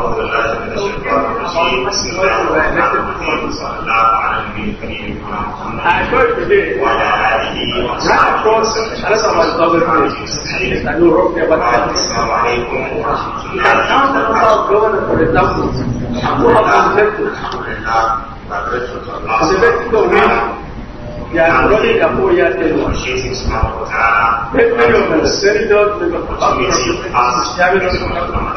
أعوذ بالله من الشيطان الرجيم بسم الله الرحمن الرحيم صلى الله على النبي الكريم محمد وعلى آله وصحبه وسلم السلام عليكم ورحمة الله وبركاته ya Rory apoya el Ven medio con el servidor de los ya vieron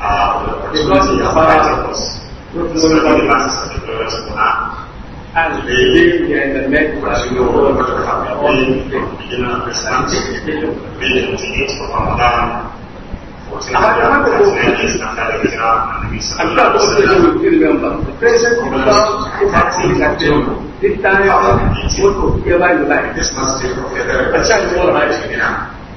あ珍しい朝会長とするためなんですけど、よろしくな。And they live in the network of the world of the family, beginning of the century, being introduced to Ramadan. あなたも、I'm not sure you remember. The present comes is actually like This time, what will be alive in life? A child will arrive.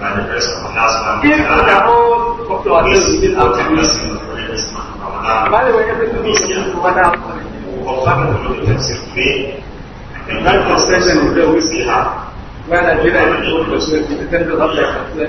People their own population within our community. By the way, everything is here for one hour. And that concession is where we see her, where Nigeria is going to be, the temple of their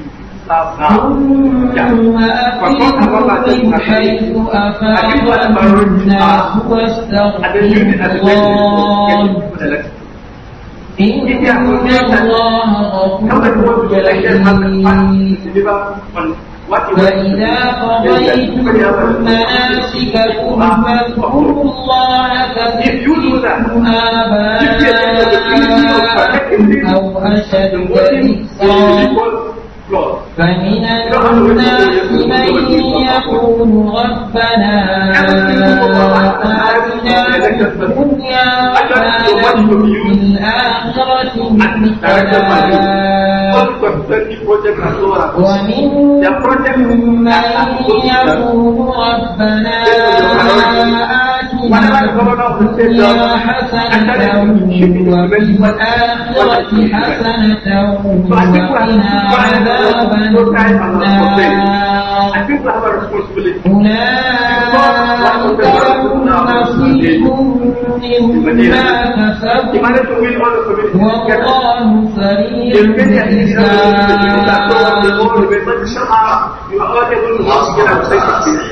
ثم أفيد من حيث أفاض الناس واستغفر الله إن الله غفور فإذا قضيتم مناسككم فاذكروا الله كذكركم آباءكم أو أشد ذكرا فمن الناس من يقول ربنا آتنا في الدنيا وآتنا في الآخرة ومن من يقول ربنا الدنيا حسنة والآخرة حسنة وقنا عذاب النار أولئك لهم نصيب مما كسبوا والله سريع الحساب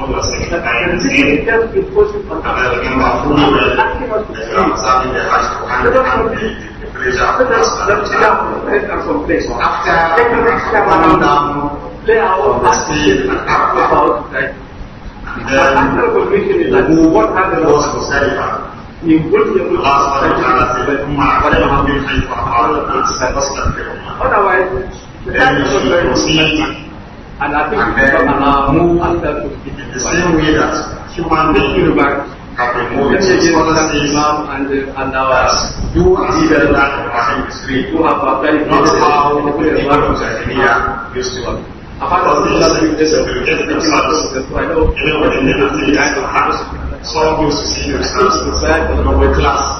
Otherwise, the time is And I think and we then, allow move after to the same way that human beings have been moving since policies and, uh, and our you as even that passing the street. You have a very not how the people of Nigeria used to work. Apart from this, they segregate themselves, even within the activities of the house. Some used to see themselves as a lower class.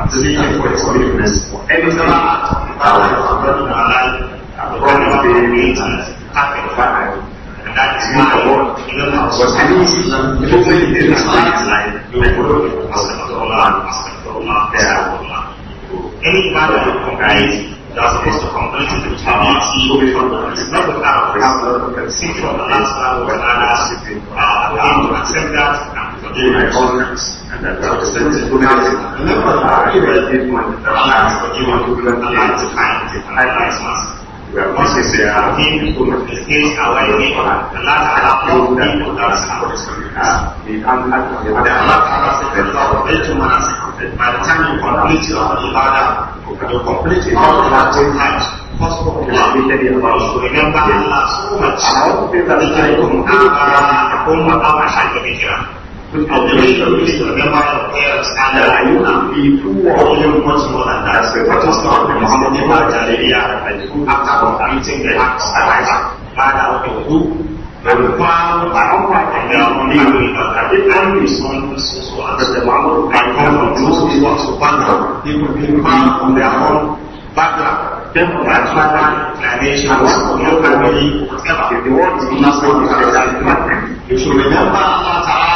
àtúnyẹ ẹ̀kọ́ ẹ̀kọ́ ìrìnà ẹni tó bá àwọn ọ̀dọ́dún aláì àbọ̀dọ́dún bá bẹ̀rẹ̀ ní ìtì akẹ́kọ̀ọ́ àkàdé ẹ̀dá tí wọ́n lọ́wọ́ iná ní tó fẹ́ ìdí yóò gbọ́dọ̀ àṣàkọ̀ọ́lá àṣàkọ̀ọ́lá Any matter of that's supposed to convert to the community It's not the kind of and that's how are to accept that in my contacts and that the expensive journalism are everything when the plans for even to grant the lands of time to high We are mostly saying that he who is away from the last half of people that is our the of By the time you complete your you complete it all times. First of all, remember Allah so much. that 有的一个历史的话，呃，三的来用啊，比如我用过什么的，是我就是说，我们的话讲的呀，啊，他我们这个他他来吧，他的有路，文化把文化怎样利用的，他的安利说是说啊，这个网络开通，主是说是办的，你不平方，我们然后办的。跟我们穿搭来那些我朋友看到的，要把给我们那时候的在看，有时候人家大大杂。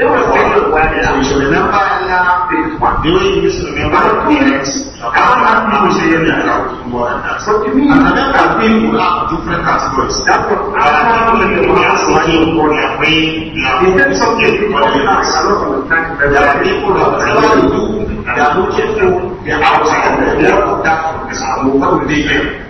They were very well You should remember Allah faith one. They were used to remember the parents. How happy we say anything more than that. So to me, and remember people have different categories. That's what Allah will do. He has money for their way. He said something for the next. There are people that are trying to they are looking for, they are outside, they are not that. What they get?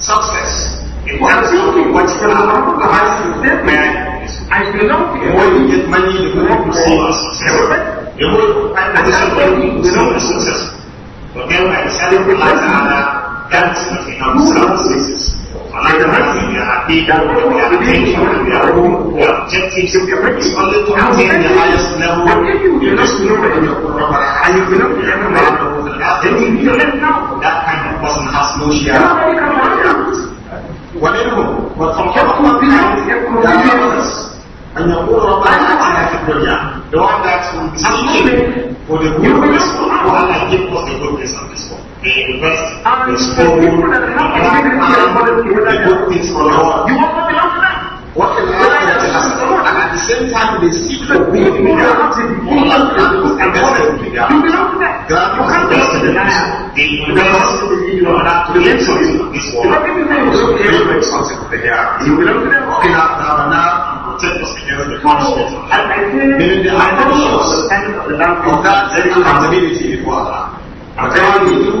success. what you belong to has that man is I belong to you. you get money, the more you see us. more success. But then by deciding to to Allah, that is the other hand, we are people, we are we are home, we are objectives, we are working only to attain the highest level. What can you do? You just know that you are you person has no share. ومنهم والصحابة والتابعين أن يقول ربنا the one that will take for the good of ah, this world وأن give us the goodness of this world the invest the the good things for the world what can I the same time, the secret will be and honesty. You belong to that. God you can't be denial. Because you belong to the this world. You belong to them all. You have now protect us against the punishment. And I think Meaning the intentions of that very accountability before Allah. Whatever we do,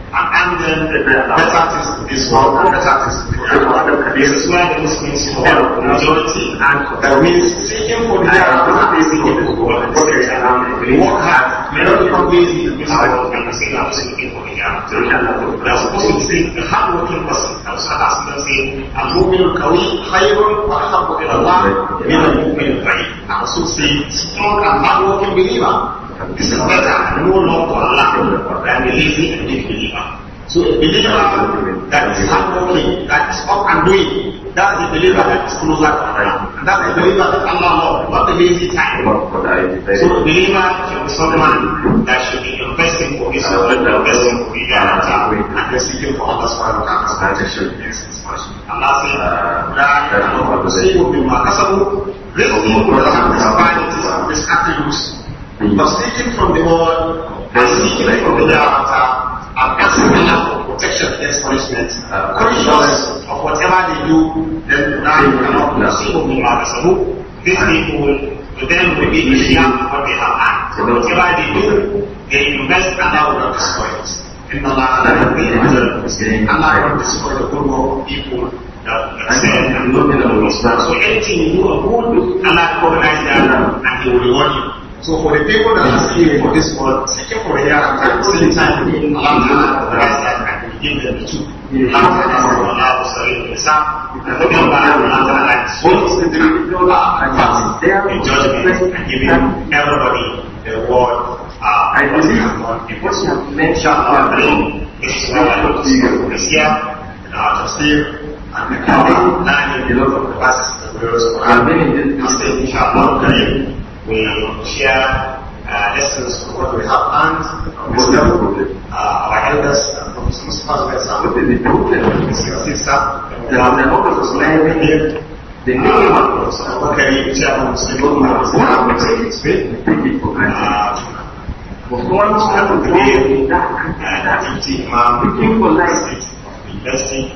and then the, the, the practice is one of the practice. This is where the Muslims follow the majority and that means seeking for the not basic in the Okay, um, work hard. Many of the companies in the business world can say I'm seeking for the They are supposed to be a hard-working person. I was asking them saying, I'm moving kawi, khayrun, wa ahabu Allah, min al-mu'min al-khayyid. I was strong and hard-working believer. Disempitkan, no adalah for Allah and believe in this believer. So believer that is hardworking, that is doing, that is believer that closer to Allah. that is believer that Allah time. So believer should that should investing for investing for seeking for others for that But seeking from the one and seeking from the hereafter and asking him for protection against punishment, uh, conscious of whatever they do, then now you cannot pursue These people to them will be easier what they have done. So whatever they do, they invest Allah will not destroy it. In Allah, I will be Allah will destroy the good work of people. So anything you do of good, Allah will recognize that and He will reward you. So for the people that are seeking for this world, seeking for here and at the same time being Allah Ta'ala the right side can give them the truth. Allah Ta'ala for Allah for Salim Islam. And look the judgment and everybody the word. Uh, I believe it was our This is what I look to this year our And the Quran, the verses And we share uh, lessons from what we have learned from wisdom, uh, our elders, and uh, from some sponsors. What is the problem? There are a lot of slandering. The name of the uh, okay, chairman is the one who has been we want to have a day at the We think people like it, of the university,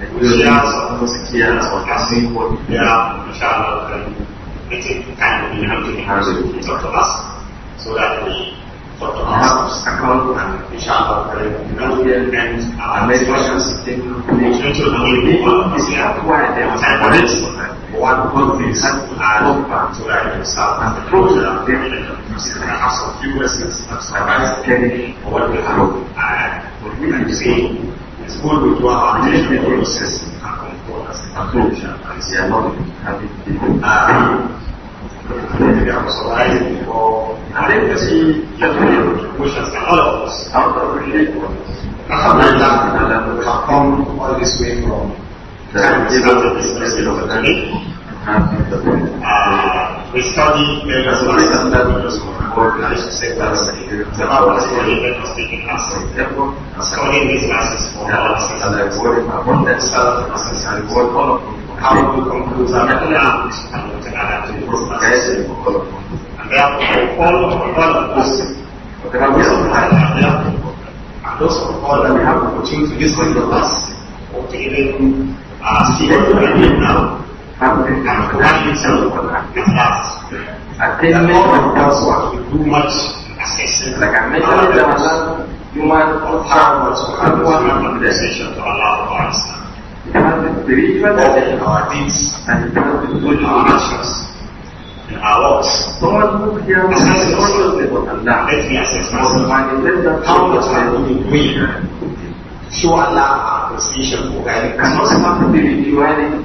godiya sakamakon sakiya sun ko biya insha Allah kan ake kan da ina mutum har zai ke tsarta ba so da ke tsarta ba sakamakon kan insha Allah kan na wuyar kan a mai fashin sikin ne shi ne da wani ne ba sai a kuwa da ya mata da rinci wani kwanfi san a rumfa so da ke sa a kuma da ya mata da suka asa US na survive kene wanda a rumfa a wani ne sai It's always one relation to process and comfort as and they are not having people they uh, are or I think you see just emotions and all of us don't of Alhamdulillah I have come all this way from the time of the business uh, of the the they study their organized the Bible study that was taken us, studying these verses for all of us how to conclude our account and what have to do. And therefore, all of all of us, whatever we are there, and those of all that we have the opportunity to listen to us, or to even uh, see what we are doing now, happening and command itself much Like I mentioned, there are not human powers to have to allow for us. It has to be our deeds and our actions. In our works. I am doing good. to be reviewing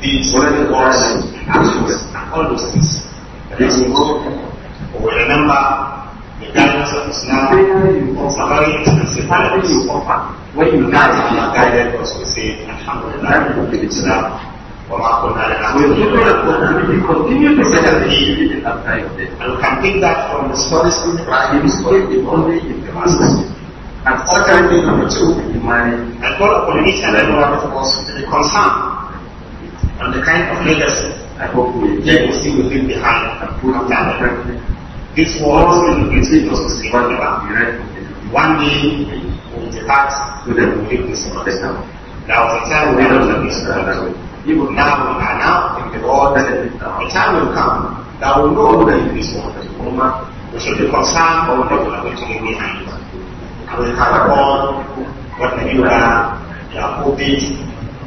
the word was actions, all those things. There is a book or a number, the guidance of Islam, summary is you offer, When you guide, guided us, we say, Alhamdulillah, we Islam. You continue to set up the and we can take that from the stories in the Bible, only in the masses. And ultimately, number two, in my, and call upon each and every one of us to be concerned on the kind of legacy I hope we see will leave behind and put after the president. This was in the previous discussion about one day with the heart to the complete misunderstanding. There was a time we were not misunderstanding. Even now we are now in the world a time will come that we know that in this world we should be concerned about what we are going to leave behind. And we have all what the new era, their hobbies,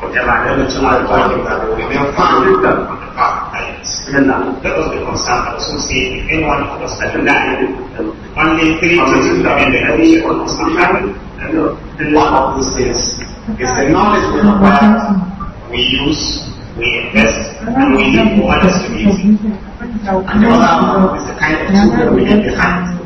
whatever the two are talking we will find them the path of That was the concern that was saying anyone of us had died, only three things would the only one of these things is the knowledge we acquire, we use, we invest, and we leave for others And the other one is the kind of tool that we get behind.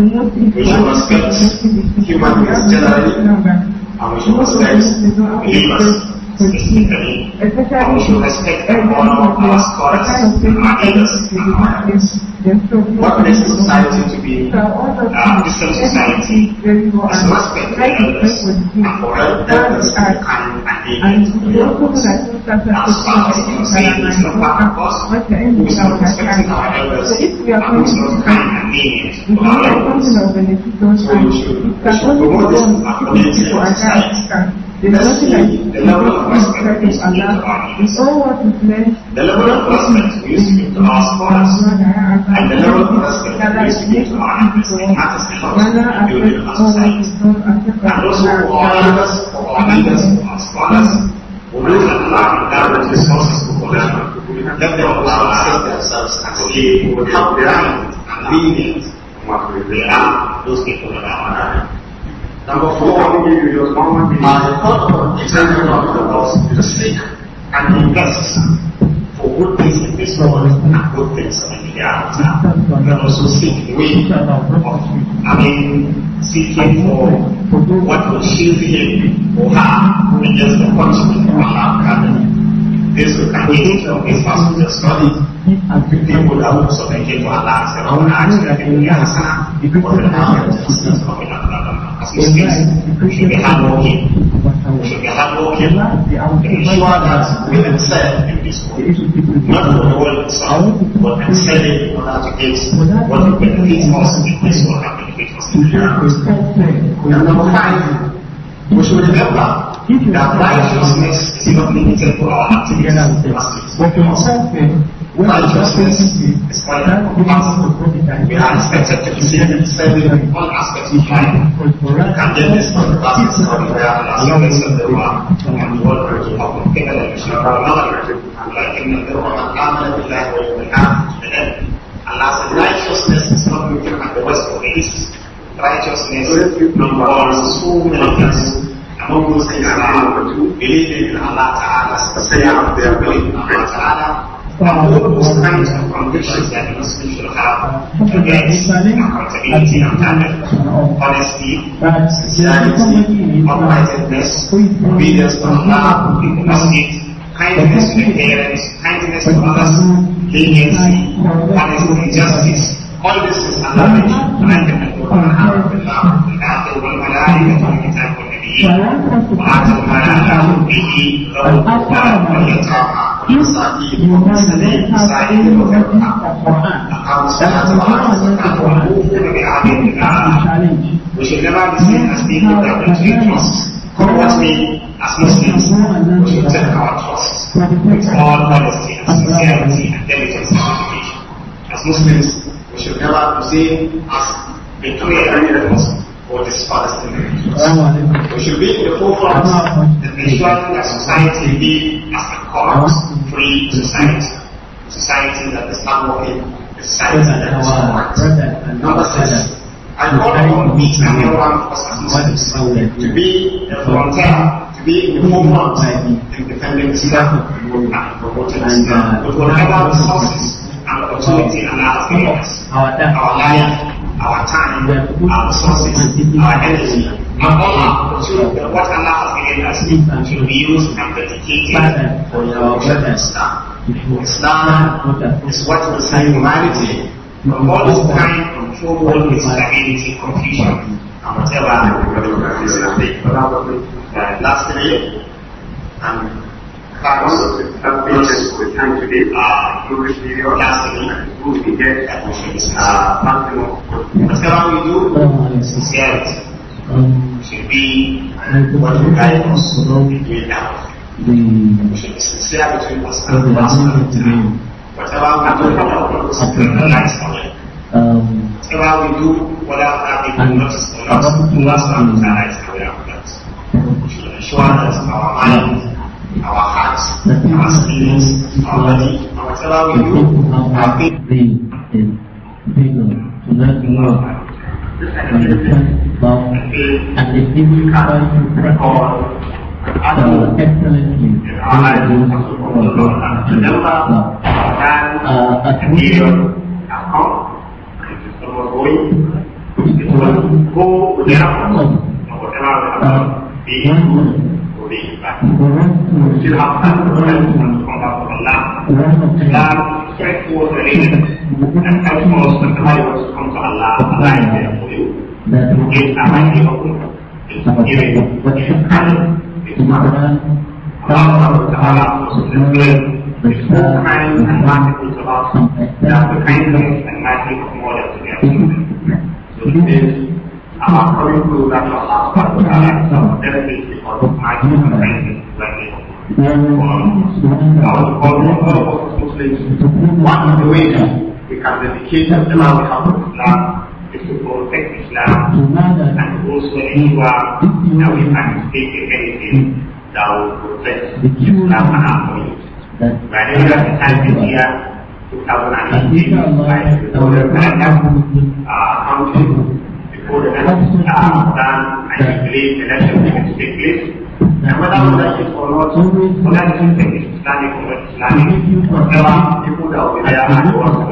must spirits, human beings generally, and we must respect believers. Specifically, respect our scholars and What makes society to be a Muslim society is respect for elders and for elders and they As far as you say, it's not part of us who is not respecting our elders and who is not kind and lenient to our elders. So we should, promote this society recognizing the level of respect is Allah is all what it meant. The level of respect we used to our scholars and the level of in our society. And also for our leaders, for our leaders, for our scholars, who will allow direct resources to them. Let them also accept themselves as they would help them and lead it what they are, those people that are on Number four, I give you your one more minute. Uh, I thought about example of the the sick, and invest for good things in this world and good things in the hereafter. And also seek the way of, I mean, seeking for what will shield him or her against the punishment of Allah a This will come in from this passage of study. People that will submit to Allah and say, I actually, I think we are a son. People will have the distance from Allah. parce que je vais ramener, je vais ramener الحوارات والأمثال في الديسكور ما هو الإنسان والأمثال والأرتكيلز والتبديل والسبيكنس والأرتكيلز لأنه خايف مش من الغبرة لا righteousness is not limited to our activities. What you must say When our judgments is expanded, we for profit and we are expected to be seen and decided in all aspects of life. And then this one passes from prayer and as long as there were and the world will have been given and shall have another لكن الروح الآمن بالله ويوم الآخر Allah said righteousness is not looking at the west or east. Righteousness so many things. Among those things are believe in Allah Ta'ala, saying, believing in Allah Ta'ala, from those kinds of convictions that a should have against accountability and candor, honesty, sincerity, uprightness, obedience to Allah, the kindness to the parents, kindness to others, leniency, justice. All this is allowed the Quran and the والملائكة والكتاب والنبيين وآتى المال على حبه we should never be seen as people that don't treat us what as Muslims we should our trust with all honesty and sincerity and diligence as Muslims we should never be seen as betraying us or dishonest individuals we should be in the forefront and ensuring that society be as a corrupt we free society, society that is not working, a society that is smart. Number six, I call upon each and everyone of us as to be a volunteer be in the forefront in defending Islam and promoting Islam with whatever resources and opportunity and our fingers, our life, our time, our resources, our energy, Mahoma to what Allah has given us should be used and dedicated for your Islam. Islam is what will save humanity from all this time of trouble, instability, confusion, and whatever is uh, Lastly, and Carlos, that is the time today, uh, Jewish period, lastly, who we get, uh, Pantheon. Whatever we do, Um, to be what you us now. sincere between us and the master Whatever we do, whatever we do, lights on whatever we do, whatever our our lights We should ensure that our mind our hearts, our spirits, our body, whatever we do, our faith. The, the, the, the, the, còn được thân một anh được tin coi sự thật sợ cách nơi mình luôn luôn rồi ở ở thú dương cô nhớ mình ờ nhớ mình sự học tập của mình còn đọc còn làm làm cái cua cái and utmost kindness unto Allah, Allah is there for you. Is Allah your own? Allah Ta'ala was so kind and merciful to us that the kindness and mercy of more than together. So this our coming to that Allah Ta'ala is benefit because of mercy and kindness when we um, I was called one of the Muslims, one of the ways becomes the dictator of Islam, Islam, is to protect Islam, and also anyone that we participate in anything that will protect Islam and our beliefs. By the way, the time this year, 2018, by the uh, before the next uh, plan, I believe the election will take place. And whether Allah is or not, Allah is Islamic or not Islamic, whatever people that will there and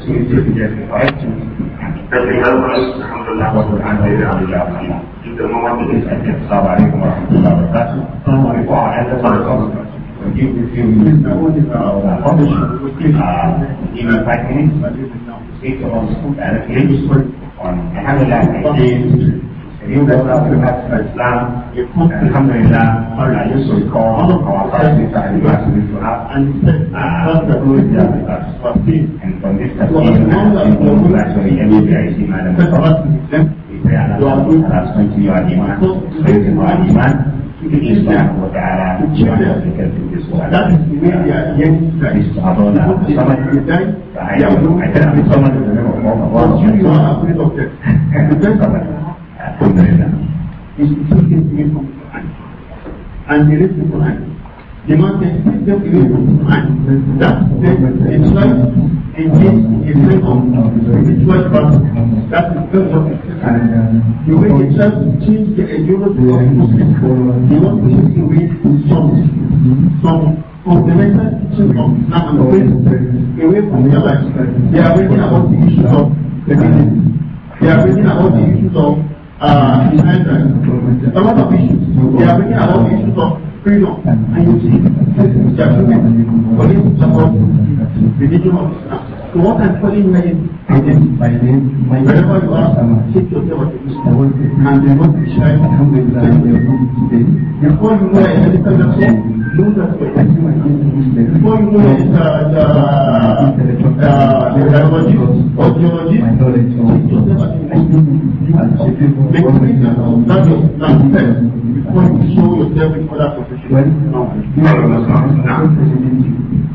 تسمية الرجال وعدت الحمد لله رب العالمين عبد الله جدا مواطنين السلام عليكم ورحمة الله وبركاته السلام عليكم ورحمة الله وبركاته وجيب في مدينة وقبش إما فاكنين سيكون على كل الحمد لله 如果佢係佛啦，亦不是他們啦，後來有水果，我都講翻你大啲啦，你做啦，安息啊，嗰個都有啊，嗰啲平均啲實踐啦，要唔係所以有啲係先買啦，不過咧，你睇下啦，都係算是有啲嘛，所以就話啲嘛。Islam wa umbrella is to take them away from Quran and they read the Quran. The man can take them away from Quran. That takes itself engage in a form of spiritual battle. That is very important. The way they try to change the endurance of Muslims, they want to take away some, some fundamental teachings of Islam and faith away from their lives. They are reading about the issues of religion. They are reading about the issues of uh, ah. his entrance. A lot of issues. They are bringing about issues of freedom and you see, judgment, police support, religion o l So what I'm calling my name, by name, my w h e e you are, keep y o u r s e as a Muslim. And y want to shy, Alhamdulillah, we are from today. Before you know it, a s e r k n t t w a Before you know it, the, biologist or geologist, Before you show yourself in other professions. l l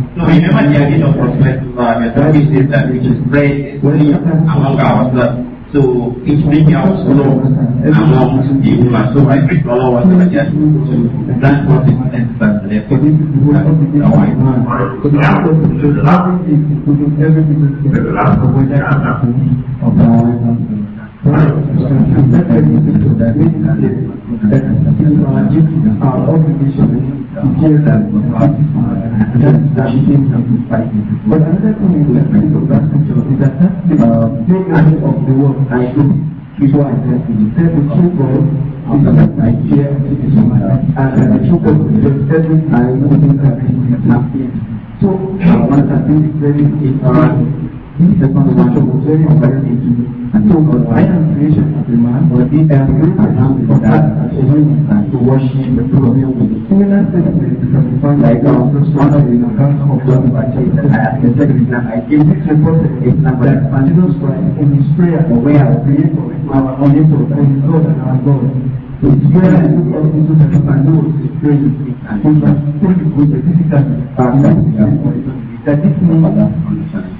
So we never the idea of professionalism and that is that which is spread among ourselves. So it's bringing out slow among people and so I think all of us are just to that what is necessary for this our obligation hear that from God. That's that shame that is fighting. But another thing is that many of that scripture is that that's the pain of the work I do before I test it. He said the true God is that I hear and that the true God is that every time I do that I So I want to think very important. This explanation was very enlightening and so I am creation of the man, but he am created for that and to worship the two of you. Similar statement from the point like God, in the council of God I am the second Islam, I gave this report to Islam, but that continues Christ in his prayer for where our creator, our creator, and God and our God. His prayer and look up into the heaven and know his prayers and he was fully with the physical and that this means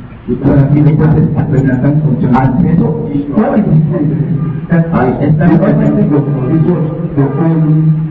Entonces, la tiene que ser presentada con chance. ¿Cuál es el problema? ¿Cuál es el problema?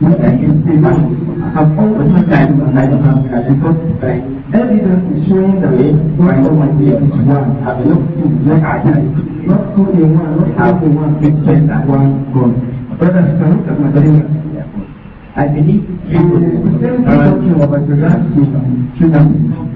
in three months. I've always my time I don't have an effort, but is showing the way for I know my one. Have a look to black eyes. Not one, not half one, big ten one gone. Brothers, can look at my I believe you will about the last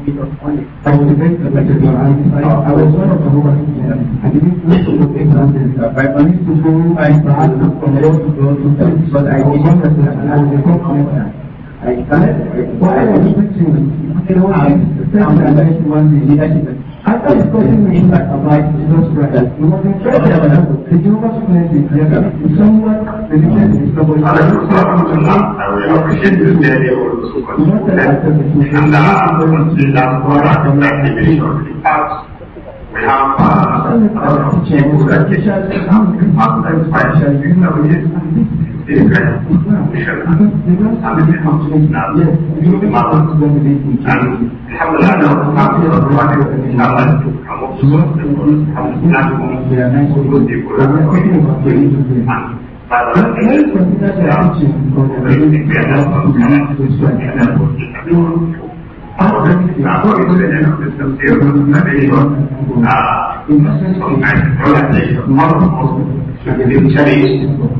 I was very by I was one of the I didn't look to put in I wanted to go I perhaps from to go to church, but I didn't understand the I started, I was I was one leadership After discussing the impact of life in Jesus Christ, we must impress the example the Jehovah's Witness is here is someone religious in his trouble. I will appreciate you daily also and uh, until that product of that division departs, we have uh, a lot of people that get satisfied with Israel Mishnah. I've been in now And alhamdulillah, now the family of the one is Allah. I'm also going to go to the Thank you. Nah,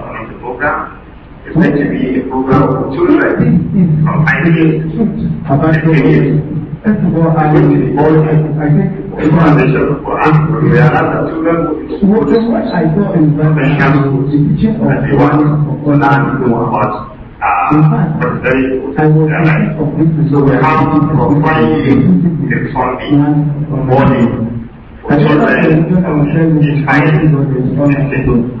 program is meant to be a program for children from ideas and opinions. Well, I, think, I think the foundation for us will realize that children will be well, that's what I thought in that they can that they want to learn more about uh, in fact, I was thinking of this so we have to provide the funding, body, for children, behind, and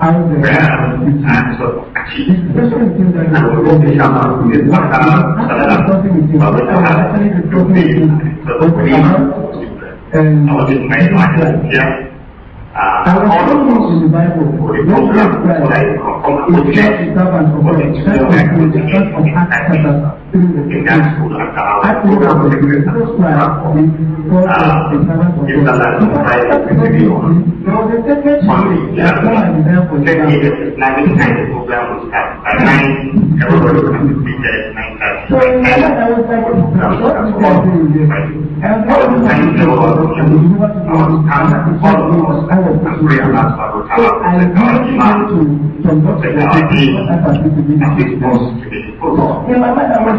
And 啊，好多东西我的同事，后来我们公司，我们公司，我们公司，我们公司，我们公司。现在来公开这个用创立这样的这些南平台的目标目标，而南 everybody can be there 南台南台目标目标，而南这个全部啊，他们包括包括南非啊，包括他们这个地方，这个地方，这个地方，这个地方。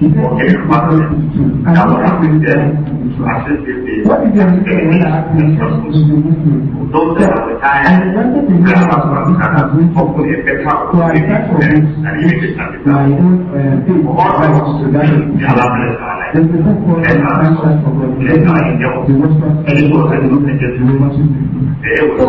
Okay, mother, now what the those that are retired, they are not going a and even just have to do is allow bless And it was a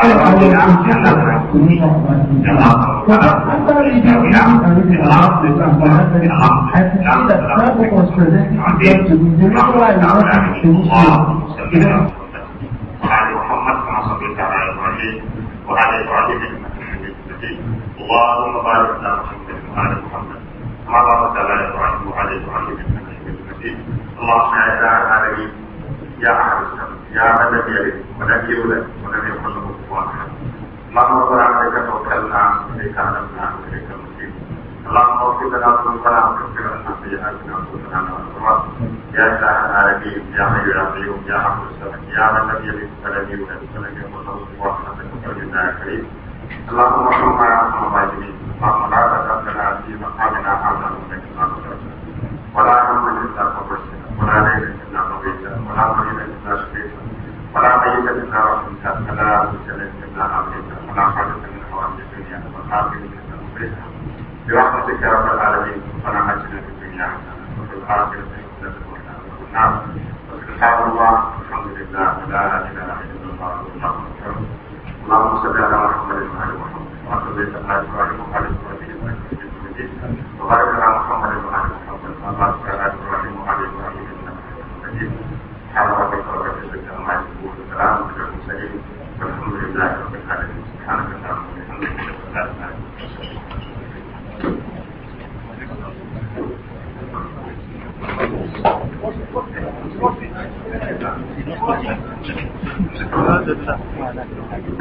على قول نعم الأصل وعلى محمد كما صليت على ابراهيم وعلى ابراهيم انك حميد مجيد اللهم بارك على محمد وعلى محمد كما باركت على ابراهيم وعلى ابراهيم انك حميد مجيد اللهم يا داعي العالمين يا احد السماء يا من لم يلد ولم يولد ولم يكن له كفوا احد اللهم صل عليك توكلنا اليك علمنا واليك المصير اللهم اغفر لنا ذنوبنا وكفر عنا سيئاتنا وانصرنا على الصراط يا اله العالمين يا حي يا قيوم يا حق السلام يا من لم يلد ولم يولد ولم يكن له كفوا احد بفضل يا كريم اللهم ارحمنا يا ارحم الراحمين اللهم لا تذكرنا في مقامنا هذا وانك ما ولا هم الا قبلتنا ولا ليل الا قضيتها ولا مريض فلا قيد لك فلا بد لك مما اعطيت فلا حاجه من حوائج الدنيا والآخرة انك مخرجها برحمتك يا رب العالمين ربنا اجعلنا في الدنيا حسنه وفي الاخره حسنه وقنا عذاب النار سبحان الله والحمد لله لا اله الا الله والله اكبر اللهم صل على محمد وعلى محمد وعلى ال محمد